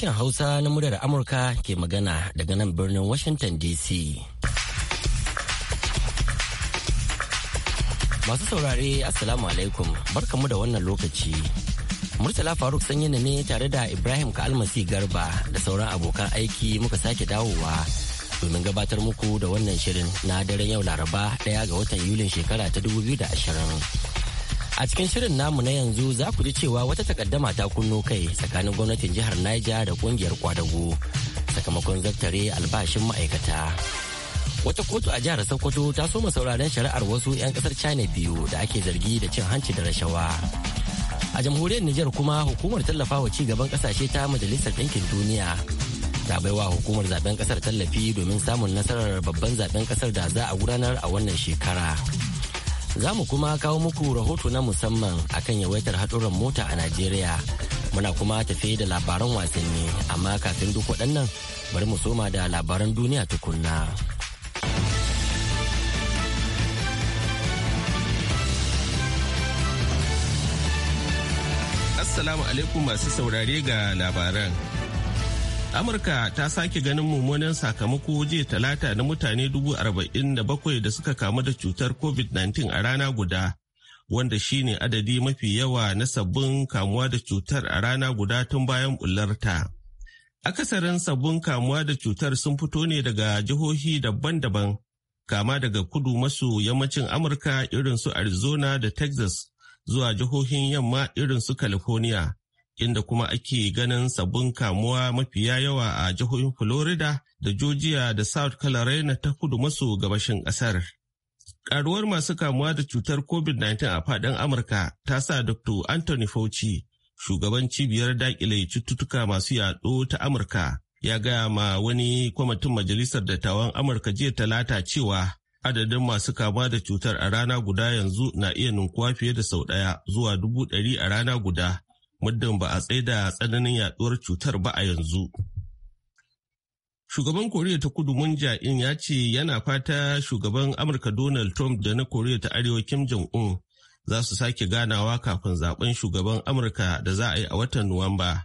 Sashen Hausa na muryar Amurka ke magana daga nan birnin Washington DC. Masu saurare Assalamu alaikum barkamu da wannan lokaci. Murtala Faruk sanyina ne tare da Ibrahim Ka'almasi Garba da sauran abokan aiki muka sake dawowa domin gabatar muku da wannan shirin na daren yau Laraba daya ga watan Yulin shekara ta 2020. A cikin shirin namu na yanzu za ku ji cewa wata takaddama ta kunno kai tsakanin gwamnatin jihar Niger da kungiyar kwadago sakamakon zattare, albashin ma'aikata. Wata kotu a jihar Sokoto ta soma sauraren shari'ar wasu 'yan kasar China biyu da ake zargi da cin hanci da rashawa. A jamhuriyar Nijar kuma hukumar tallafawa ci gaban kasashe ta Majalisar Ɗinkin Duniya ta baiwa hukumar zaben kasar tallafi domin samun nasarar babban zaben kasar da za a gudanar a wannan shekara. Za mu kuma kawo muku rahoto na musamman akan yawaitar haɗurran mota a Najeriya. Muna kuma tafe da labaran wasanni amma kafin duk waɗannan bari mu soma da labaran duniya tukunna. Assalamu alaikum masu saurare ga labaran. amurka ta sake ganin mummunan sakamako jiya talata na mutane dubu arba'in da bakwai da suka kamu da cutar covid-19 a rana guda wanda shine adadi mafi yawa na sabbin kamuwa da cutar a rana guda tun bayan bullarta akasarin sabbin kamuwa da cutar sun fito ne daga jihohi daban-daban kama daga kudu maso yammacin amurka irin su arizona da texas zuwa jihohin yamma irin su california inda kuma ake ganin sabbin kamuwa mafiya yawa a jihohin Florida da Georgia da South Carolina ta kudu maso gabashin ƙasar. Karuwar masu kamuwa da cutar COVID-19 a faɗin Amurka ta sa Dr. Anthony Fauci, shugaban cibiyar daƙile cututtuka masu yaɗo ta Amurka, ya gaya ma wani kwamitin Majalisar Dattawan Amurka jiya talata cewa adadin masu kamuwa da cutar a rana guda yanzu na iya ninkuwa fiye da sau ɗaya zuwa dubu ɗari a rana guda muddin ba a da tsananin yaduwar cutar ba a yanzu. Shugaban Koriya ta Kudu Mun in ya ce yana fata shugaban Amurka Donald Trump da na Koriya ta Arewa Kim Jong-un za su sake ganawa kafin zaben shugaban Amurka da za a yi a watan Nuwamba.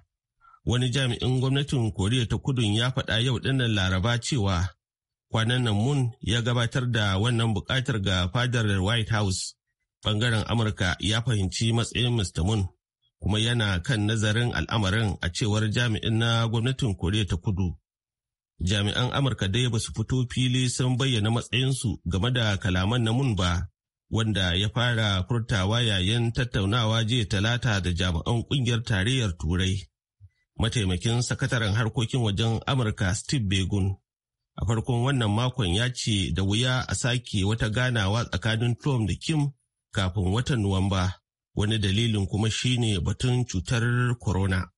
Wani jami'in gwamnatin Koriya ta Kudu ya faɗa yau dinnan Laraba cewa kwanan nan Mun ya gabatar da wannan buƙatar ga fadar White House. Bangaren Amurka ya fahimci matsayin Mr. Mun kuma yana kan nazarin al'amarin a cewar jami'in na gwamnatin Koriya ta kudu. Jami'an Amurka dai ba su fito fili sun bayyana matsayinsu game da kalaman na mun ba, wanda ya fara furtawa yayin tattaunawa jiya talata da jami'an kungiyar tarayyar Turai. Mataimakin sakataren harkokin wajen Amurka Steve Begun a farkon wannan makon ya ce da wuya a sake wata ganawa tsakanin Trump da Kim kafin watan Nuwamba. wani dalilin kuma shine batun cutar corona.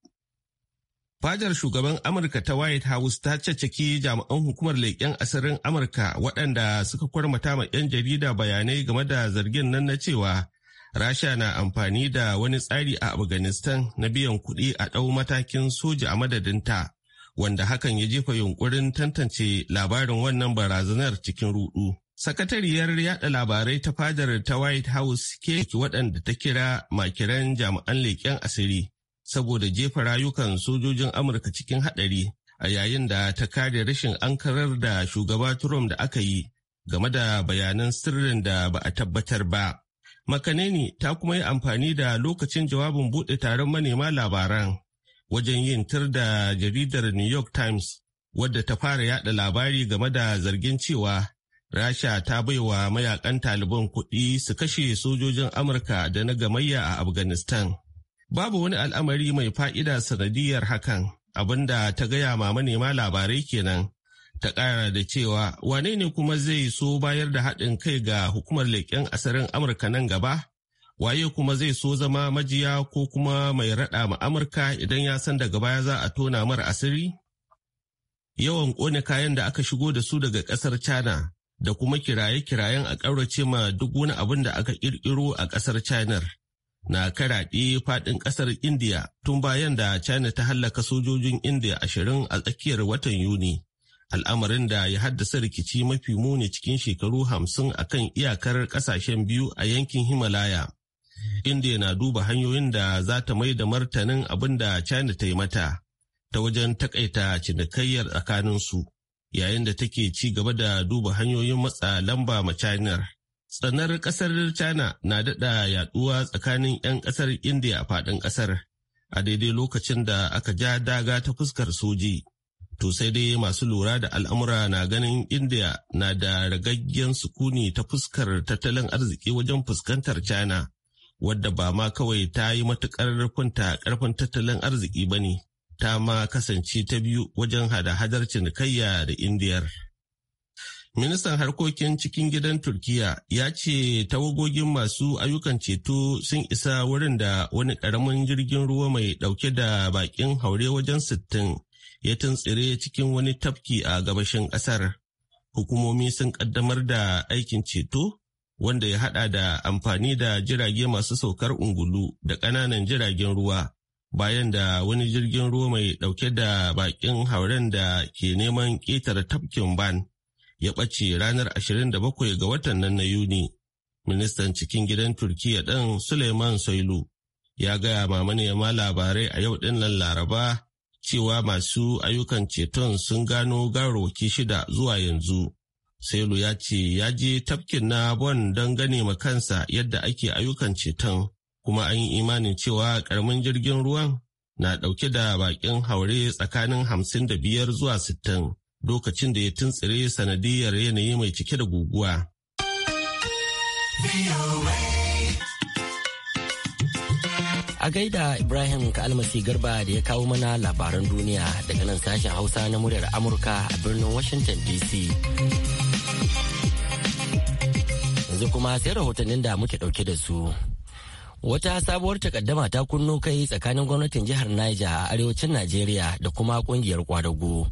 Fajar shugaban Amurka ta White House ta caccaki jami'an hukumar leƙen asirin Amurka waɗanda suka kwarmata ma 'yan jarida bayanai game da zargin nan na cewa Rasha na amfani da wani tsari a Afghanistan na biyan kuɗi a ɗau matakin soja a madadinta, wanda hakan ya jefa yunkurin tantance labarin wannan barazanar cikin ruɗu. Sakatariyar Yaɗa labarai ta fadar ta White House ke waɗanda ta kira makiran jami'an leƙen asiri saboda jefa rayukan sojojin Amurka cikin haɗari a yayin da ta kare rashin ankarar da shugaba Trump da aka yi game da bayanan sirrin da ba a tabbatar ba. Makaneni ta kuma yi amfani da lokacin jawabin buɗe taron manema labaran wajen yin tur da jaridar New York Times wadda ta fara yaɗa labari game da zargin cewa Rasha ta baiwa mayakan Taliban kuɗi su kashe sojojin Amurka da na gamayya a Afghanistan. Babu wani al'amari mai fa'ida sanadiyar hakan, abinda ta gaya ma manema labarai kenan. Ta ƙara da cewa wane ne kuma zai so bayar da haɗin kai ga hukumar leƙen asirin Amurka nan gaba? Waye kuma zai so zama majiya ko kuma mai raɗa ma Amurka idan ya san daga baya za a tona mara asiri? Yawan ƙone kayan da aka shigo da su daga ƙasar China da kuma kiraye-kirayen a ƙaurace ma duk wani abin da aka ƙirƙiro a ƙasar China na karaɗe faɗin ƙasar India tun bayan da China ta hallaka sojojin India ashirin a tsakiyar watan Yuni. Al'amarin da ya haddasa rikici mafi muni cikin shekaru hamsin a kan iyakar ƙasashen biyu a yankin Himalaya. India na duba hanyoyin da za ta mai da martanin abin da China ta yi mata ta wajen takaita cinikayyar tsakaninsu. yayin da take ci gaba da duba hanyoyin matsa lamba ma China. Tsanar kasar China na daɗa yaduwa tsakanin 'yan kasar India a faɗin kasar a daidai lokacin da aka ja daga ta fuskar soji. To sai dai masu lura da al'amura na ganin India na da ragaggen sukuni ta fuskar tattalin arziki wajen fuskantar China, wadda ba ma kawai ta yi matuƙar kunta ƙarfin tattalin arziki ba ne, ta ma kasance ta biyu wajen hada-hadar cinikayya da indiyar. Ministan harkokin cikin gidan Turkiya ya ce tawagogin masu ayyukan ceto sun isa wurin da wani ƙaramin jirgin ruwa mai ɗauke da baƙin haure wajen sittin ya tuntsire cikin wani tafki a gabashin ƙasar. Hukumomi sun ƙaddamar da aikin ceto wanda ya haɗa da amfani da jirage masu saukar ungulu da ƙananan jiragen ruwa bayan da wani jirgin ruwa mai dauke da bakin hauren da ke neman ƙetare tafkin ban ya ɓace ranar 27 ga watan nan na yuni ministan cikin gidan turkiya ɗan suleiman soilu ya gaya ma manema labarai a yau ɗin nan laraba cewa masu ayyukan ceton sun gano garoki shida zuwa yanzu Selu ya ce ya je tafkin na Bon don gane ma kansa yadda ake ayyukan ceton kuma an yi imanin cewa karamin jirgin ruwan na ɗauke da bakin haure tsakanin hamsin da biyar zuwa sittin lokacin da ya tuntsire sanadiyar yanayi mai cike da guguwa. A gaida Ibrahim Kalmasi Garba da ya kawo mana labaran duniya daga nan sashen Hausa na muryar Amurka a birnin Washington DC. Yanzu kuma sai rahotannin da muke ɗauke da su. Wata sabuwar takaddama ta kunno kai tsakanin gwamnatin jihar Niger a arewacin Najeriya da kuma kungiyar kwadago.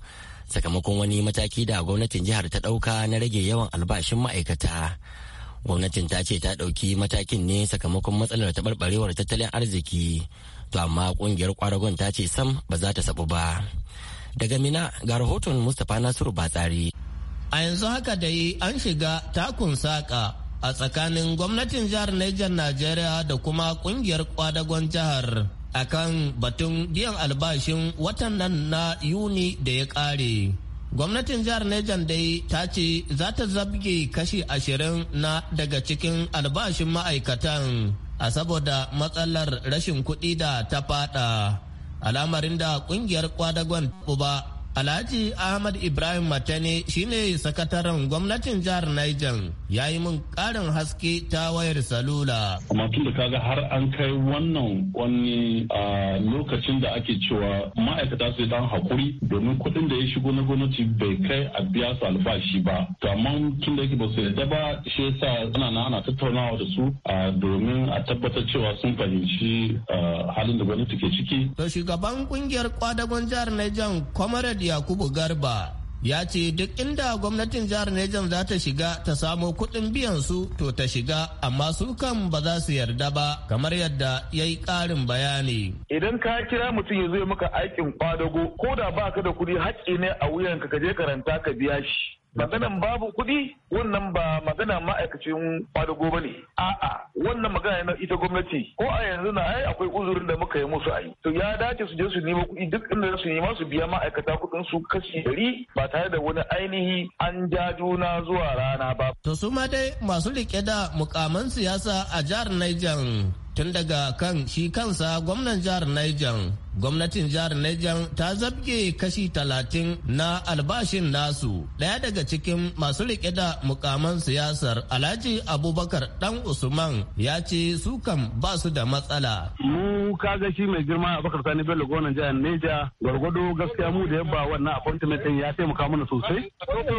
Sakamakon wani mataki da gwamnatin jihar ta ɗauka na rage yawan albashin ma'aikata. Gwamnatin ta ce ta ɗauki matakin ne sakamakon matsalar taɓarɓarewar tattalin arziki. To amma kungiyar kwadagon ta ce sam ba za ta sabu ba. Daga Mina ga rahoton Mustapha Nasiru Batsari. A yanzu haka dai an shiga takun saƙa a tsakanin gwamnatin jihar Niger Najeriya da kuma kungiyar kwadagon jihar akan batun biyan albashin watan nan na Yuni da ya ƙare. Gwamnatin jihar Niger dai ta ce za ta zabge kashi ashirin na daga cikin albashin ma'aikatan a saboda matsalar rashin kuɗi da ta fada. Al'amarin da kungiyar kwadagon ba Alhaji Ahmad Ibrahim Matane shine sakataren gwamnatin jihar Niger ya yi min karin haske ta wayar salula. Amma tun da kaga har an kai wannan wani lokacin da ake cewa ma'aikata su dan hakuri domin kuɗin da ya shigo na gwamnati bai kai a biya su albashi ba. To amma tun da yake ba su yarda ba shi yasa ana na ana tattaunawa da su domin a tabbatar cewa sun fahimci halin da gwamnati ke ciki. To shugaban kungiyar kwadagon jihar Niger Comrade Yakubu Garba ya ce duk inda gwamnatin jihar Nejan za ta shiga ta samo kuɗin biyan su to ta shiga amma su kan ba za su yarda ba kamar yadda ya yi ƙarin bayani. Idan ka kira mutum ya zo maka aikin kwadago ko da ba ka da kuɗi haƙƙi ne a wuyanka ka je karanta ka biya shi. maganan babu kuɗi wannan ba magana ma'aikacin kwadago ba ne a'a wannan magana na ita gwamnati ko a yanzu na ai akwai uzurin da muka yi musu ayi to ya dace su je su nemo kuɗi duk inda su nema su biya ma'aikata kuɗin su kashi dari ba tare da wani ainihi an ja juna zuwa rana ba. to su ma dai masu rike da mukaman siyasa a jihar Niger tun daga kan shi kansa gwamnan jihar Niger. Gwamnatin jihar Niger ta zabge kashi talatin na albashin nasu. Ɗaya daga cikin masu riƙe da mukaman siyasar Alhaji Abubakar Dan Usman ya ce su kan ba da matsala. Mu ka kaga shi mai girma a bakar Sani Bello gonan jihar Neja gwargwado gaskiya mu da yabba wannan appointment din ya taimaka mana sosai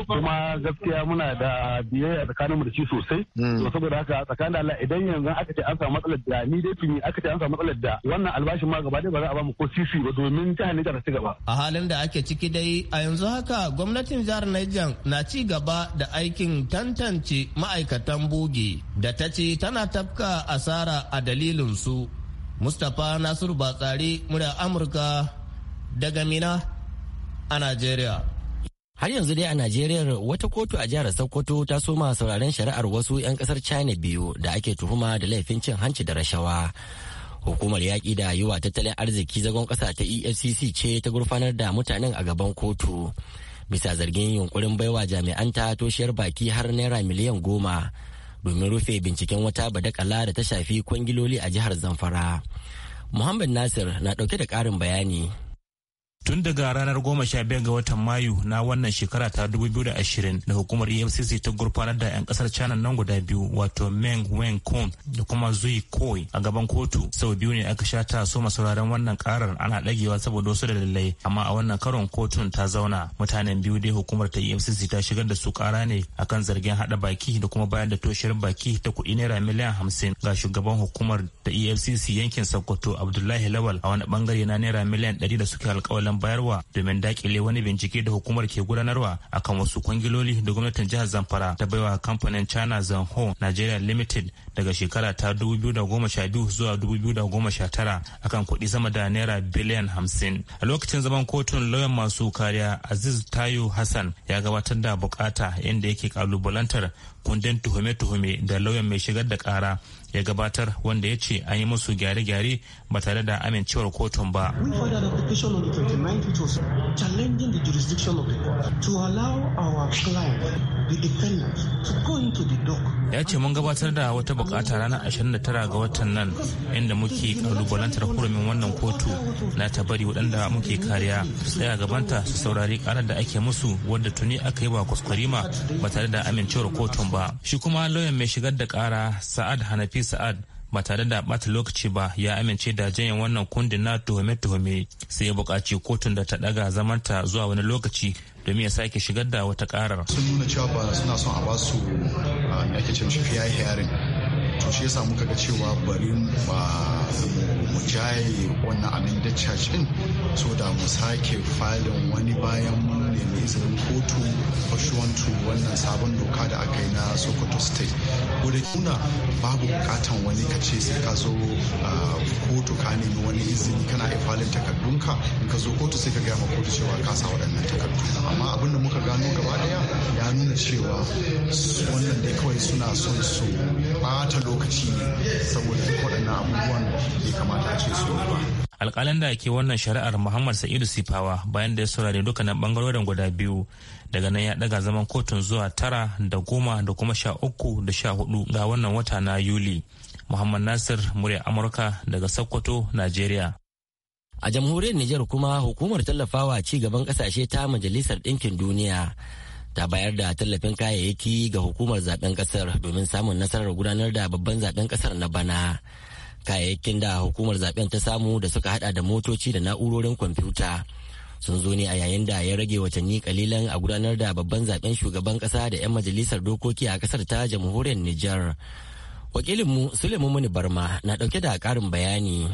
kuma gaskiya muna da biyayya tsakanin mu da shi sosai hmm. to saboda haka tsakanin da Allah idan yanzu aka ce an samu matsalar da ni dai tuni aka ce an samu matsalar da wannan albashin ma gaba dai ba za a ba mu ko sisi ba domin jihar Neja ta ci gaba a halin da ake ciki dai a yanzu haka gwamnatin jihar neja na ci gaba da aikin tantance ma'aikatan bogi da ta ce tana tafka asara a dalilin su mustapha nasiru batsari murya amurka daga mina a najeriya har yanzu dai a najeriya wata kotu a jihar sokoto ta soma sauraren shari'ar wasu 'yan kasar china biyu da ake tuhuma da laifin cin hanci da rashawa hukumar yaƙi da yiwa tattalin arziki zagon ƙasa ta efcc ce ta gurfanar da mutanen a gaban kotu bisa zargin yunkurin baiwa jami'an ta toshiyar baki har naira miliyan goma domin rufe binciken wata badakala da ta shafi kwangiloli a jihar zamfara muhammad nasir na dauke da karin bayani tun daga ranar goma sha biyar ga watan mayu na wannan shekara ta dubu biyu da ashirin da hukumar efcc ta gurfanar da 'yan kasar china nan guda biyu wato meng wen kun da kuma zui koi a gaban kotu sau biyu ne aka sha ta so masauraran wannan karar ana dagewa saboda wasu dalilai amma a wannan karon kotun ta zauna mutanen biyu dai hukumar ta efcc ta shigar da su kara ne akan zargin hada baki da kuma bayar da toshiyar baki ta kuɗi naira miliyan hamsin ga shugaban hukumar ta efcc yankin sokoto abdullahi lawal a wani bangare na naira miliyan ɗari da suke alkawalin kan bayarwa domin dakile wani bincike da hukumar ke gudanarwa akan wasu kwangiloli da gwamnatin jihar zamfara ta baiwa kamfanin china zanho nigeria limited daga shekara ta 2012 zuwa 2019 akan kuɗi sama da naira biliyan 50 a lokacin zaman kotun lauyan masu kariya aziz tayo hassan ya gabatar da bukata inda yake kalubalantar kundin tuhume-tuhume da lauyan mai shigar da kara ya gabatar wanda ya ce an yi musu gyare-gyare ba tare da amincewar kotun ba. ya ce mun gabatar da wata bukata ranar 29 ga watan nan inda muke kalubalantar hurumin wannan kotu na ta bari waɗanda muke kariya tsaya gabanta su saurari karar da ake musu wadda tuni aka yi ba kuskurima ba tare da amincewar kotun ba shi kuma lauyan mai shigar da kara sa'ad hanafi sa'ad ba tare da bata lokaci ba ya amince da janyen wannan kundin na tuhume-tuhume sai ya buƙaci kotun da ta ɗaga zamanta zuwa wani lokaci domin ya sake shigar da wata ƙarar. sun nuna cewa ba suna son a basu ah, me ake ce ya hearing to shi yasa muka ga cewa bari mu jaye wannan abin da charge din so da mu sake filin wani bayan mai izinin kotu pursuant wannan sabon doka da aka yi na sokoto state wadda kuna babu bukatan wani ka ce sai ka zo kotu ka nemi wani izini kana ifalin takardunka in ka zo kotu sai ka gaya ma kotu cewa ka sa waɗannan takardu amma abin da muka gano gaba ɗaya ya nuna cewa wannan dai kawai suna son su bata lokaci ne saboda waɗannan abubuwan bai kamata a ce su ba. alƙalin da ke wannan shari'ar muhammad sa'idu sifawa bayan da ya saurari dukkanin ɓangarorin guda biyu daga nan ya ɗaga zaman kotun zuwa tara da goma da kuma sha uku da sha hudu ga wannan wata na yuli muhammad nasir murya amurka daga sokoto najeriya a jamhuriyar niger kuma hukumar tallafawa ci gaban kasashe ta majalisar ɗinkin duniya ta bayar da tallafin kayayyaki ga hukumar zaben kasar domin samun nasarar gudanar da babban zaben kasar na bana kayayyakin da hukumar zaben ta samu da suka hada da motoci da na'urorin kwamfuta sun zo ne a yayin da ya rage watanni kalilan a gudanar da babban zaben shugaban kasa da 'yan majalisar dokoki a kasar ta jamhuriyar Nijar. Wakilinmu Suleiman Muni Barma na dauke da karin bayani.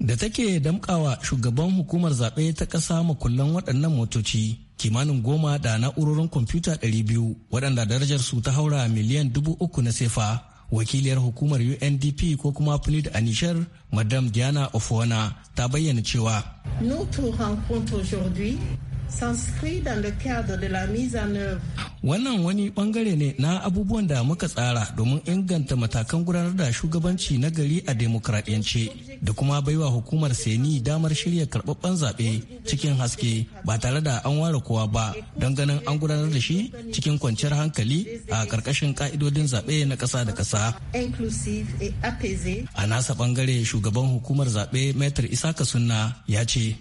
da take damkawa shugaban hukumar zaɓe ta ƙasa makullan waɗannan motoci kimanin goma da na'urorin kwamfuta 200 waɗanda darajar su ta haura miliyan dubu uku na sefa wakiliyar hukumar undp ko kuma fulid Anishar madam diana ofona ta bayyana cewa sanskrit dans le cadre de la mise Wannan wani bangare ne na abubuwan da muka tsara domin inganta matakan gudanar da shugabanci na gari a demokradiyance da kuma baiwa hukumar seni damar shirya karɓaɓɓen zaɓe cikin haske ba tare da an ware kowa ba don ganin an gudanar da shi cikin kwanciyar hankali a ƙarƙashin ka'idodin zaɓe na ƙasa da ƙasa. A nasa bangare shugaban hukumar zaɓe Maitre Isaka Sunna ya ce.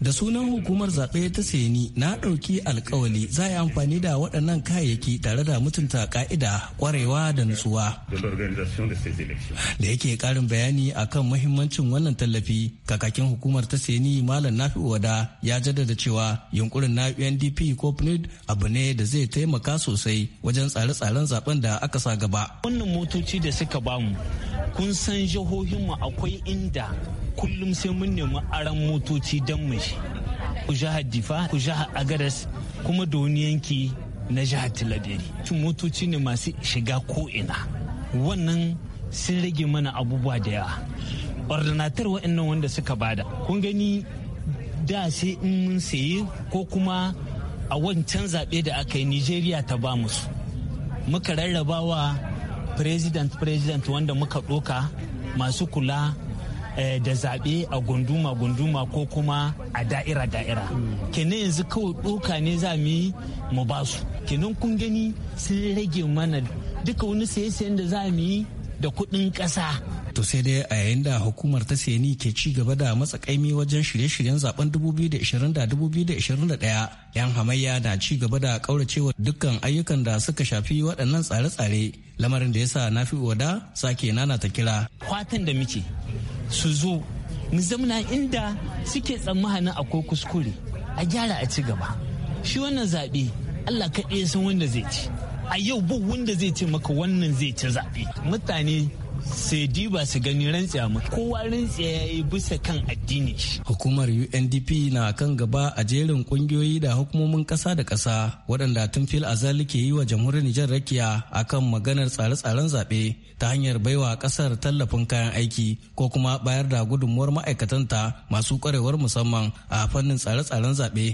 da sunan hukumar zaɓe ta seni na ɗauki alkawali za a yi amfani da waɗannan kayayyaki tare da mutunta ƙa'ida kwarewa da nutsuwa da yake ƙarin bayani akan mahimmancin wannan tallafi kakakin hukumar ta seni malam nafi wada ya jaddada cewa yunkurin na undp ko pnud abu ne da zai taimaka sosai wajen tsare-tsaren zaben da aka sa gaba wannan motoci da suka bamu kun san jihohinmu akwai inda kullum sai mun nemi aran motoci don mu shi ku jihar difa ku jihar agadas kuma da wani yanki na jihar tun motoci ne masu shiga ko'ina wannan sun rage mana abubuwa da yawa ordinatar waɗannan wanda suka bada kun gani da sai in mun saye ko kuma a wancan zaɓe da aka yi nigeria ta ba musu muka rarrabawa wa president president wanda muka ɗoka masu kula Eh, da zaɓe a gunduma-gunduma ko kuma a da'ira-da'ira mm. kenan yanzu kawai ɗoka ne za mu yi mu ba su kenan kun gani sun rage mana duka wani saye-sayen da za mu yi da kuɗin ƙasa to sai dai a yayin da hukumar ta seni ke ci gaba da matsa kaimi wajen shirye-shiryen zaben 2020 da 2021 yan hamayya na ci gaba da kauracewa dukkan ayyukan da suka shafi waɗannan tsare-tsare lamarin da ya sa na fi oda sake nana ta kira fatan da muke su zo mu zamana inda suke tsammanin akwai kuskure a gyara a ci gaba shi wannan zaɓe allah kaɗai san wanda zai ci a yau ba wanda zai ce maka wannan zai ci zaɓe mutane sai diba su gani rantsiya mu kowa rantsiya ya yi bisa kan addini hukumar UNDP na kan gaba a jerin kungiyoyi da hukumomin kasa da kasa waɗanda tun fil azali ke yi wa jamhuriyar Nijar rakiya akan maganar tsare-tsaren zaɓe ta hanyar baiwa ƙasar tallafin kayan aiki ko kuma bayar da gudunmuwar ma'aikatanta masu kwarewar musamman a fannin tsare-tsaren zaɓe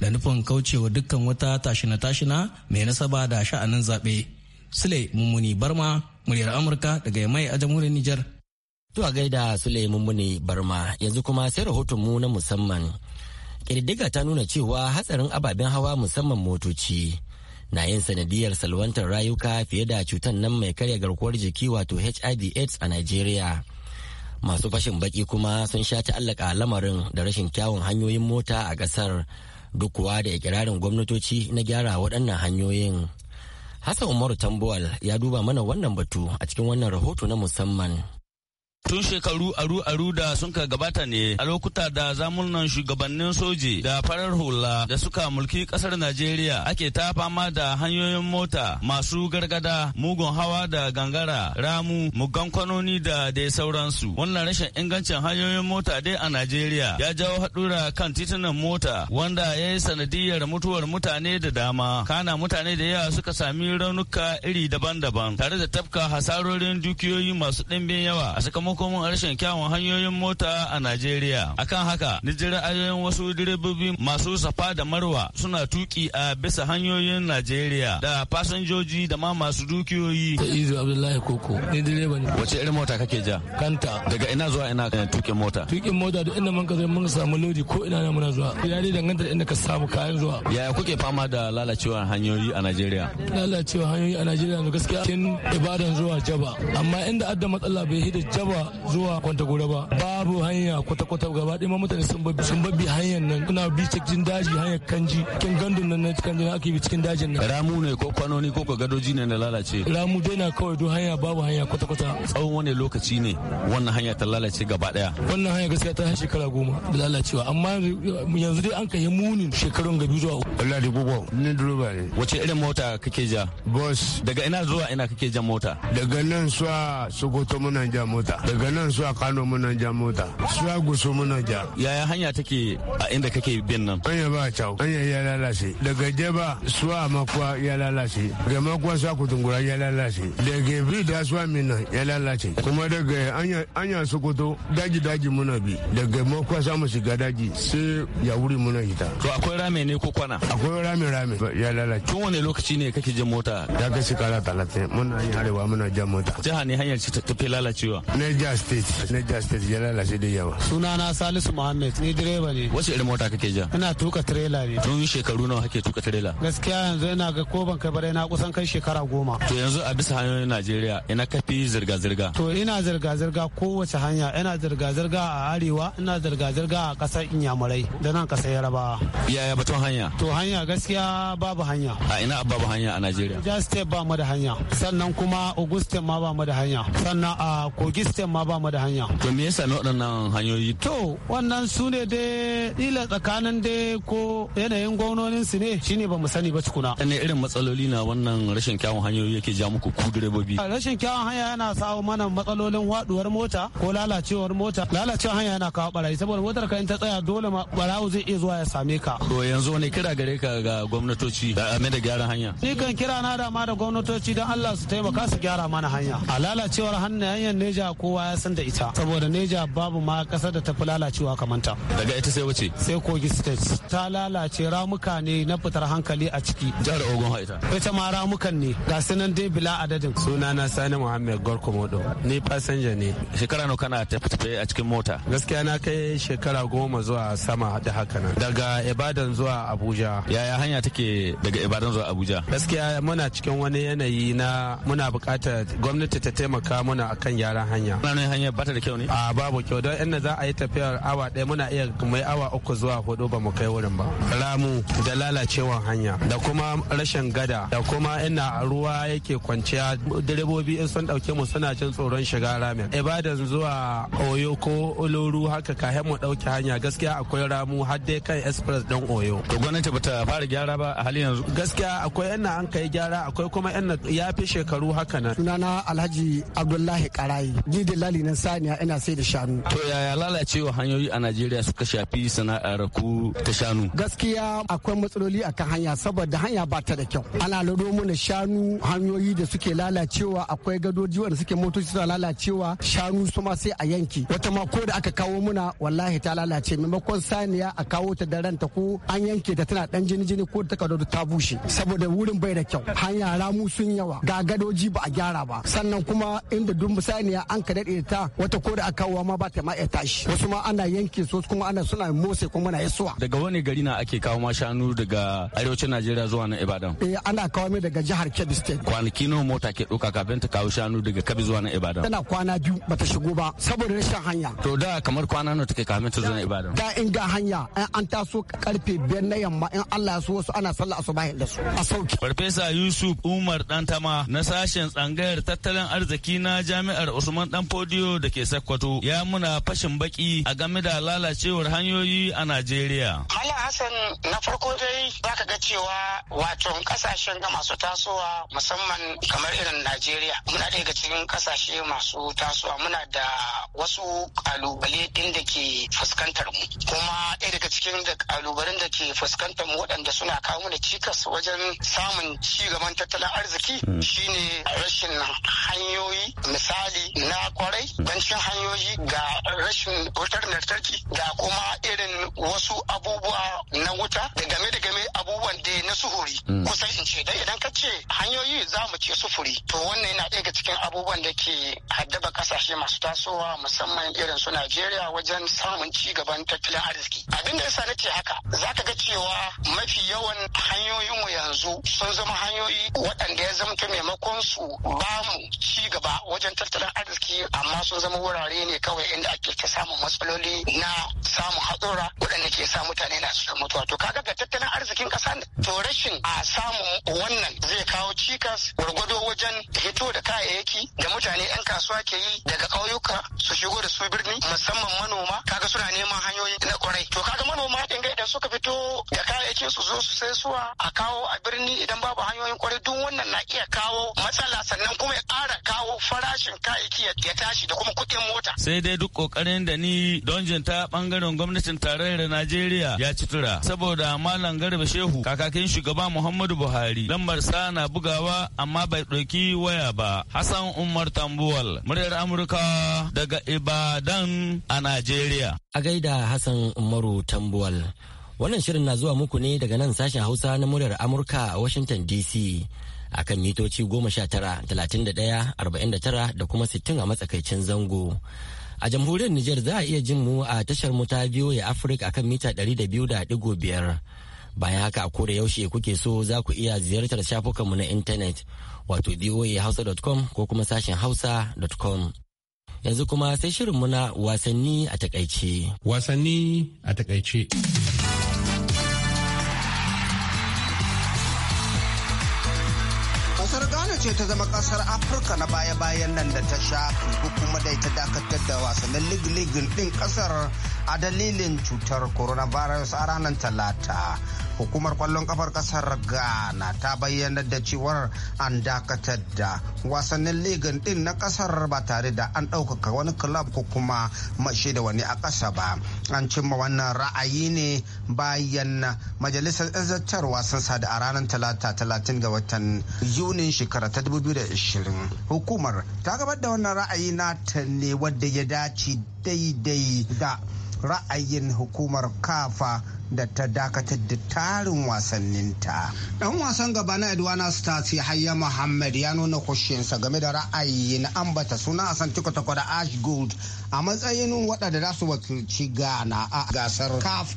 da nufin kaucewa dukkan wata tashina-tashina mai nasaba da sha'anin zaɓe. Sule Mummuni Barma, muryar Amurka daga mai a jamhuriyar Nijar. Tuwa gaida Sule Mummuni Barma, yanzu kuma sai rahotonmu na musamman. Ƙididdiga ta nuna cewa hatsarin ababen hawa musamman motoci na yin sanadiyar salwantar rayuka fiye da cutar nan mai karya garkuwar jiki wato HIV AIDS a Najeriya. Masu fashin baki kuma sun sha ta'allaka lamarin da rashin kyawun hanyoyin mota a ƙasar duk kuwa da ikirarin gwamnatoci na gyara waɗannan hanyoyin. Hassan Umaru Tambuwal ya duba mana wannan batu a cikin wannan rahoto na musamman. tun shekaru aru aru da sun ka gabata ne a lokuta da zamunan shugabannin soji da farar hula da suka mulki kasar najeriya ake ta fama da hanyoyin mota masu gargada mugun hawa da gangara ramu mugan kwanoni da dai sauransu wannan rashin ingancin hanyoyin mota dai a najeriya ya jawo haɗura kan titunan mota wanda ya yi sanadiyar mutuwar mutane da dama kana mutane da yawa suka sami raunuka iri daban-daban tare da tafka hasarorin dukiyoyi masu ɗimbin yawa a sakamakon rashin kyawun hanyoyin mota a Najeriya. Akan haka, nijira ayoyin wasu direbobi masu safa da marwa suna tuki a bisa hanyoyin Najeriya da fasinjoji da ma masu dukiyoyi. Izu Abdullahi Koko, ni direba ne. Wace irin mota kake ja? Kanta. Daga ina zuwa ina eh, tukin mota. Tukin mota duk inda mun ka mun samu lodi ko ina ne muna zuwa. Ya dai danganta da inda ka samu kayan zuwa. Yaya kuke fama da lalacewar hanyoyi a Najeriya? Lalacewar hanyoyi a Najeriya gaskiya tun Ibadan zuwa Jaba. Amma inda adda matsala bai hida Jaba zuwa kwanta gura ba babu hanya kwata-kwata gaba ɗaya mutane sun babbi sun babbi hanyar nan kuna bi cikin daji hanyar kanji kin gandun nan na cikin ake bi cikin dajin nan ramu ne ko kwanoni ko ko gadoji ne na lalace ramu dai na kawai duk hanya babu hanya kwata-kwata tsawon wani lokaci ne wannan hanya ta lalace gaba ɗaya wannan hanya gaskiya ta shekara goma da lalacewa amma yanzu dai an kai munin shekarun gabi zuwa wallahi gogo ni direba ne wace irin mota kake ja bus daga ina zuwa ina kake jan mota daga nan suwa sokoto muna jan mota daga nan su a kano muna ja mota su a guso muna ja yaya hanya take a inda kake bin nan hanya ba cawo hanya ya lalace daga jeba su a makwa ya lalace daga makwa su a kutungura ya lalace daga bi da su a mina ya lalace kuma daga hanya sokoto daji daji muna bi daga makwa za mu shiga daji sai ya wuri muna hita to akwai rame ne ko kwana akwai rame rame ya lalace tun wani lokaci ne kake jin mota ya kai shekara talatin muna yin arewa muna jan mota jiha ne hanyar ta fi lalacewa Niger State. Niger State ya lalace da yawa. Sunana Salisu Muhammad ni direba ne. Wace irin mota kake ja? Ina tuka trailer ne. Tun shekaru nawa kake tuka trailer? Gaskiya yanzu ina ga ko ban kai bare na kusan kai shekara goma. To yanzu a bisa hanyoyin Najeriya ina kafi zirga-zirga. To ina zirga-zirga kowace hanya ina zirga-zirga a arewa ina zirga-zirga a kasar Inyamurai da nan kasar Yarabawa. Yaya batun hanya? To hanya gaskiya babu hanya. A ina babu hanya a Najeriya? Niger State ba mu da hanya. Sannan kuma Ogun State ma ba mu da hanya. Sannan a Kogi State ma ba mu da hanya to me yasa na waɗannan hanyoyi to wannan su ne dai ila tsakanin dai ko yanayin gwamnonin su ne shine ba mu sani ba tukuna ne irin matsaloli na wannan rashin kyawun hanyoyi yake ja muku ku direbobi rashin kyawun hanya yana sawo mana matsalolin waɗuwar mota ko lalacewar mota lalacewar hanya yana kawo barayi saboda motar ka in ta tsaya dole ma barawo zai iya zuwa ya same ka to yanzu ne kira gare ka ga gwamnatoci da ame da gyaran hanya ni kan kira na da ma da gwamnatoci don Allah su taimaka su gyara mana hanya a lalacewar hanyar neja kowa kowa ya san da ita saboda neja babu ma kasar da ta fi lalacewa kamanta daga ita sai wace sai kogi state ta lalace ramuka ne na fitar hankali a ciki jihar ogun haita ita ma ramukan ne ga sunan dai bila adadin sunana sani muhammed gorko modo ni fasinja ne shekara nawa kana tafiye a cikin mota gaskiya na kai shekara goma zuwa sama da haka nan daga ibadan zuwa abuja yaya hanya take daga ibadan zuwa abuja gaskiya muna cikin wani yanayi na muna buƙatar gwamnati ta taimaka muna akan yaran hanya ranar hanyar bata da kyau ne a babu kyau don inda za a yi tafiyar awa ɗaya muna iya mai awa uku zuwa hudu ba mu kai wurin ba ramu da lalacewan hanya da kuma rashin gada da kuma ina ruwa yake kwanciya direbobi in sun ɗauke mu suna jin tsoron shiga ramin ibadan zuwa oyo ko oloru haka kahin mu ɗauke hanya gaskiya akwai ramu har dai kan express don oyo to gwamnati bata fara gyara ba a halin yanzu gaskiya akwai ina an kai gyara akwai kuma ina ya fi shekaru haka nan sunana alhaji abdullahi karayi lali na saniya ina sai da shanu. To yaya lalacewa hanyoyi a Najeriya suka shafi sana'ar ku ta shanu? Gaskiya akwai matsaloli akan hanya saboda hanya ba ta da kyau. Ana lado mana shanu hanyoyi da suke lalacewa akwai gadoji wanda suke motoci suna lalacewa shanu su ma sai a yanki. Wata ma ko da aka kawo muna wallahi ta lalace maimakon saniya a kawo ta daren ta ko an yanke ta tana dan jini jini ko ta ta bushe saboda wurin bai da kyau. Hanya ramu sun yawa ga gadoji ba a gyara ba sannan kuma inda duk saniya an ka daɗe ta wata ko da aka wa ma ba ta ma iya tashi wasu ma ana yanke su kuma ana suna mose kuma na yasuwa daga wani gari na ake kawo ma shanu daga arewacin Najeriya zuwa nan Ibadan eh ana kawo mai daga jihar Kebbi state kwanaki nawa mota ke ɗauka kafin ta kawo shanu daga Kebbi zuwa na Ibadan tana kwana biyu bata shigo ba saboda rashin hanya to da kamar kwana nawa take kafin ta zo nan Ibadan da in ga hanya an taso karfe biyar na yamma in Allah ya so wasu ana sallah asubahin da su a sauki farfesa Yusuf Umar Dantama na sashen tsangayar tattalin arziki na jami'ar Usman Dan Fodiyo da ke Sakkwato ya muna fashin baki a game da lalacewar hanyoyi a Najeriya. Malam Hassan na farko dai za ka ga cewa wato kasashen da masu tasowa musamman kamar irin Najeriya muna ga cikin kasashe masu tasowa muna da wasu kalubale din da ke fuskantar mu kuma ɗaya daga cikin da kalubalen da ke fuskantar mu waɗanda suna kawo mana cikas wajen samun ci gaban tattalin arziki hmm. shine rashin hanyoyi misali na kwarai cin hanyoyi ga rashin wutar lantarki ga kuma irin wasu abubuwa na suhuri mm. kusan in ce dai idan ka ce hanyoyi za mu ce sufuri to wannan yana daga cikin abubuwan da ke haddaba kasashe masu tasowa musamman irin su Najeriya wajen samun ci gaban tattalin arziki abin da yasa nace haka za ka ga cewa mafi yawan hanyoyinmu yanzu sun zama hanyoyi waɗanda ya zama maimakon su ba mu ci gaba wajen tattalin arziki amma sun zama wurare ne kawai inda ake ta samun matsaloli na samun hatsura waɗanda ke sa mutane na su mutuwa to kaga ga tattalin arzikin kasa to rashin a samu wannan zai kawo cikas gwargwado wajen hito da kayayyaki da mutane 'yan kasuwa ke yi daga ƙauyuka su shigo da su birni musamman manoma kaga suna neman hanyoyi na kwarai to kaga manoma din idan suka fito da kayayyakin su zo su sai suwa a kawo a birni idan babu hanyoyin kwarai duk wannan na iya kawo matsala sannan kuma ya ƙara kawo farashin kayayyaki ya tashi da kuma kuɗin mota sai dai duk ƙoƙarin da ni don jinta ɓangaren gwamnatin tarayyar Najeriya ya ci tura saboda Malam Garba Shehu kakakin shugaba Muhammadu Buhari lambarsa na bugawa amma bai ɗauki waya ba. Hassan Umar Tambuwal muryar Amurka daga Ibadan a Najeriya. A gaida Hassan Umaru Tambuwal. Wannan shirin na zuwa muku ne daga nan sashen Hausa na muryar Amurka a Washington DC. akan mitoci 19-31-49 da kuma 60 a matsakaicin zango. A jamhuriyar Nijar za a iya jin mu a tashar mu ta biyo ya Africa akan mita 200.5. bayan haka ko da yaushe kuke so za ku iya ziyartar shafukanmu na intanet wato voahausa.com ko kuma sashen hausa.com yanzu kuma sai shirinmu na wasanni a takaice wasanni a takaice ce ta zama kasar afirka na baya-bayan nan da ta sha kuma da ita dakatar da wasannin lig din kasar a dalilin cutar coronavirus a ranar talata hukumar kwallon kafar kasar ghana ta bayyana da cewar an dakatar da wasannin ligan din na kasar ba tare da an ɗaukaka wani club ko kuma mashi da wani a ƙasa ba an cimma wannan ra'ayi ne bayan majalisar wasan sa da a ranar talata talatin ga watan yunin shekara ta 2020 hukumar ta gabar da wannan ra'ayi nata ne wadda ya dace daidai da ra'ayin hukumar kafa da ta dakatar da tarin wasanninta. Dan wasan gaba na Edwana Stars hayya Muhammad ya nuna kushinsa game da ra'ayi na ambata suna a san tikwata da Ash Gold a matsayin waɗanda za su wakilci gana a gasar CAF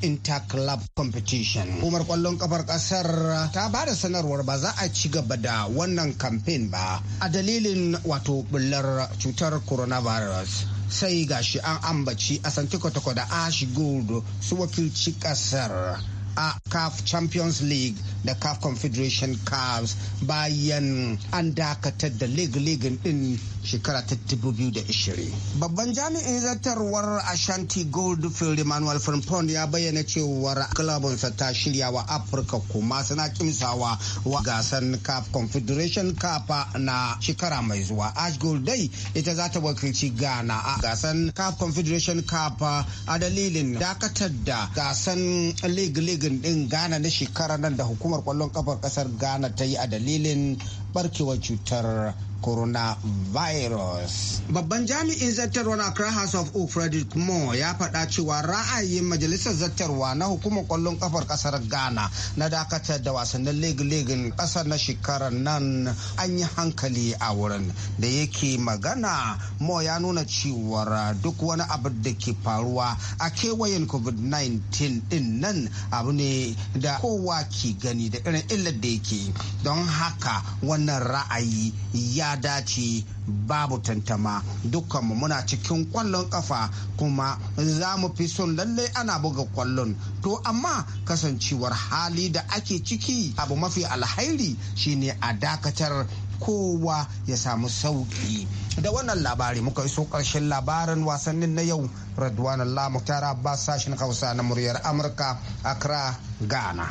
Club Competition. Umar kwallon ƙafar ƙasar ta ba da sanarwar ba za a ci gaba da wannan kamfen ba a dalilin wato bullar cutar coronavirus. sai gashi an ambaci asanti kwatakwa da shigo su wakilci kasar a CAF Champions League da CAF Confederation Cups bayan an dakatar da league-league din shekara ta 2020. Babban jami'in zartarwar Ashanti Gold Field Emmanuel Frimpong ya bayyana cewar klabinsa ta shirya wa Afirka kuma suna kimsawa wa gasan CAF Confederation Cup na shekara mai zuwa. Ash dai ita za ta wakilci Ghana a gasan CAF Confederation Cup a dalilin dakatar da gasan league-league ligin din ghana na shekara nan da hukumar kwallon kafar kasar ghana ta yi a dalilin barkewar cutar coronavirus. Babban jami'in zartarwa na Accra House of Oak Frederick Moore ya faɗa cewa ra'ayin majalisar zartarwa na hukumar kwallon kafar kasar Ghana na dakatar da wasannin ligin kasar na shekarar nan an yi hankali a wurin da yake magana Mo ya nuna cewar duk wani abu da ke faruwa a kewayen COVID-19 din nan abu ne da kowa ke gani da irin illar da yake don haka wannan ra'ayi ya dace babu tantama dukkanmu muna cikin kwallon kafa kuma za mu fi son lallai ana buga kwallon to amma kasancewar hali da ake ciki abu mafi alhairi shine a dakatar kowa ya samu sauki da wannan labari muka iso karshen labarin wasannin na yau radwan allah muktar abbas sashen hausa na muryar amurka accra ghana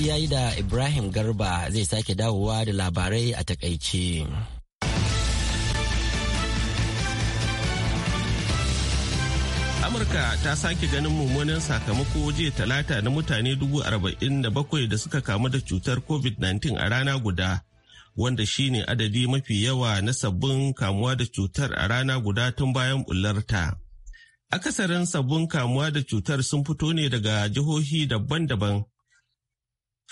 lokaci yi da Ibrahim Garba zai sake dawowa da labarai a takaice. Amurka ta sake ganin mummunan sakamako jiya talata na mutane dubu arba'in da bakwai da suka kamu da cutar COVID-19 a rana guda, wanda shine adadi mafi yawa na sabbin kamuwa da cutar a rana guda tun bayan bullarta. Akasarin sabbin kamuwa da cutar sun fito ne daga jihohi daban-daban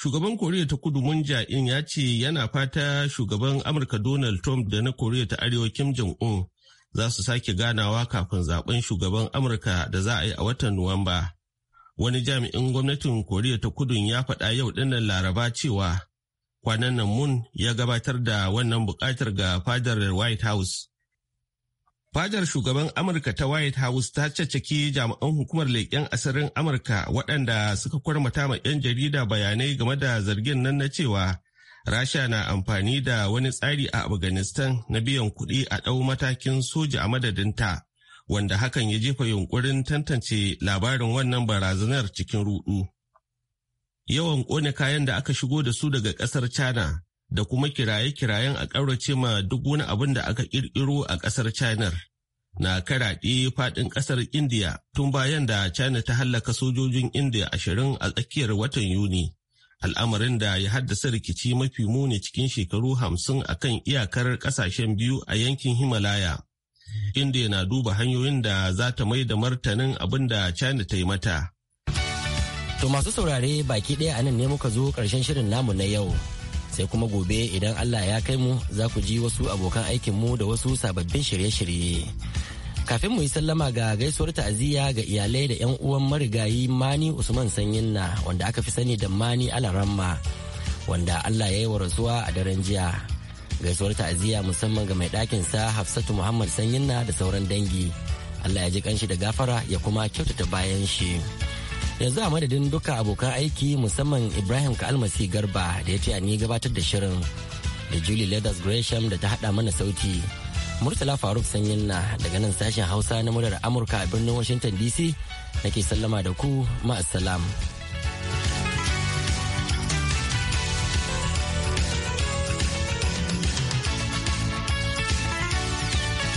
Shugaban Koriya ta Kudu Mun in ya ce yana fata shugaban Amurka Donald Trump da na Koriya ta Arewa Kim Jong-un za su sake ganawa kafin zaben shugaban Amurka da za a yi a watan Nuwamba. Wani jami'in gwamnatin Koriya ta Kudu ya faɗa yau dinnan Laraba cewa kwanan nan Mun ya gabatar da wannan buƙatar ga fadar White House Fadar shugaban Amurka ta White House ta caccaki jami'an hukumar leƙen asirin Amurka waɗanda suka kwarmata ma 'yan jarida bayanai game da zargin nan na cewa Rasha na amfani da wani tsari a Afghanistan na biyan kuɗi a ɗau matakin soja a madadinta, wanda hakan ya jefa yunkurin tantance labarin wannan barazanar cikin ruɗu. Yawan ƙone kayan da aka shigo da su daga ƙasar China da kuma kiraye-kirayen a ƙaurace ma duk wani abin da aka ƙirƙiro a ƙasar China na karaɗe faɗin ƙasar India tun bayan da China ta hallaka sojojin India ashirin a tsakiyar watan Yuni. Al'amarin da ya haddasa rikici mafi muni cikin shekaru hamsin a kan iyakar ƙasashen biyu a yankin Himalaya. India na duba hanyoyin da za ta mai da martanin abin da China ta yi mata. To masu saurare baki ɗaya a nan ne muka zo ƙarshen shirin namu na yau. sai kuma gobe idan Allah ya kai mu za ku ji wasu abokan aikinmu da wasu sababbin shirye-shirye. Kafin mu yi sallama ga gaisuwar ta'aziyya ga iyalai da 'yan uwan marigayi Mani Usman Sanyinna wanda aka fi sani da Mani Alaramma wanda Allah ya yi wa rasuwa a daren jiya. Gaisuwar ta'aziyya musamman ga mai ɗakin sa Hafsatu Muhammad Sanyinna da sauran dangi. Allah ya ji kanshi da gafara ya kuma kyautata bayan shi. yanzu a madadin duka abokan aiki musamman ibrahim kalmasi garba da ya ce ni gabatar da shirin da julie leathers gresham da ta hada mana sauti murtala faruk sanyin na daga nan sashen hausa na murar amurka a birnin washington dc nake sallama da ku ma'asalam.